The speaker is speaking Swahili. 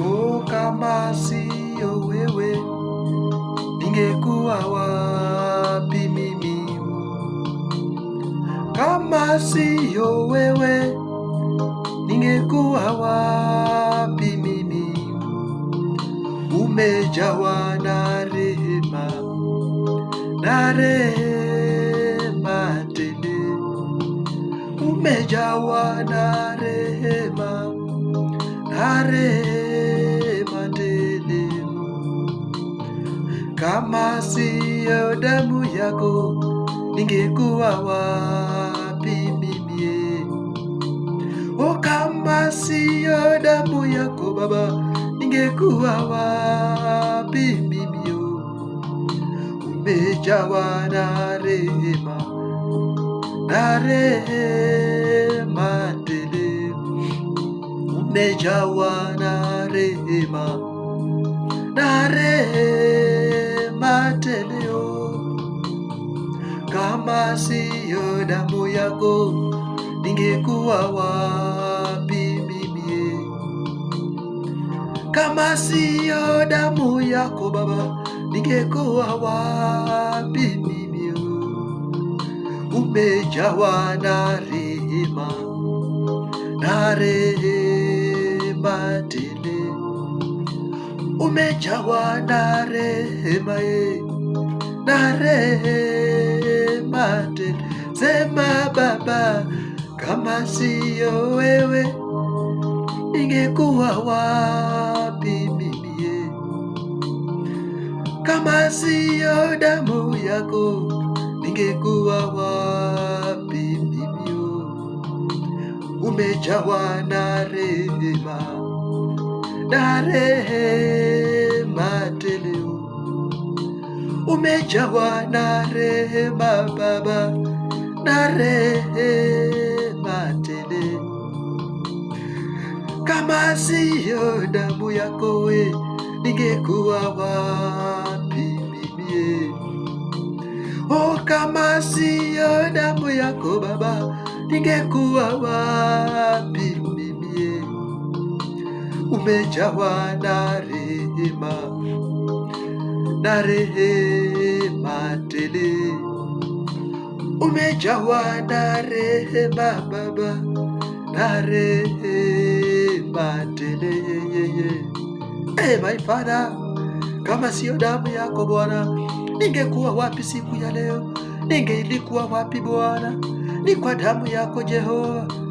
Oh, kama siyo wewe, ningekuwa wapi mimi? Kama siyo wewe, ningekuwa wapi mimi? Umejawa na rehema, na rehema umejawa na rehema na rehema tele, kama siyo damu yako ningekuwa wapi mimi? O, kama siyo damu yako Baba ningekuwa wapi mimi? Umejawa na rehema na rehema tele, umejawa na rehema na rehema tele, oh. kama siyo damu yako ningekuwa wapi mimi? Kama siyo damu yako Baba ningekuwa wapi? jawa na rehema na rehema tele, umejawa na rehema ye na rehema tele. Sema Baba, kama siyo wewe ningekuwa wapi mimi? Kama siyo damu yako ningekuwa wapi mimi? Umejawa na rehema na rehema tele, umejawa na rehema Baba na rehema tele, kama siyo damu yako we ningekuwa wapi Oh, kama siyo damu yako Baba, ningekuwa wapi mimi? Umejawa na rehema na rehema tele, umejawa na rehema Baba, na rehema tele. Hey, eh, my Father, kama siyo damu yako Bwana ningekuwa wapi siku ya leo? Ningelikuwa wapi Bwana? Ni kwa damu yako Jehova.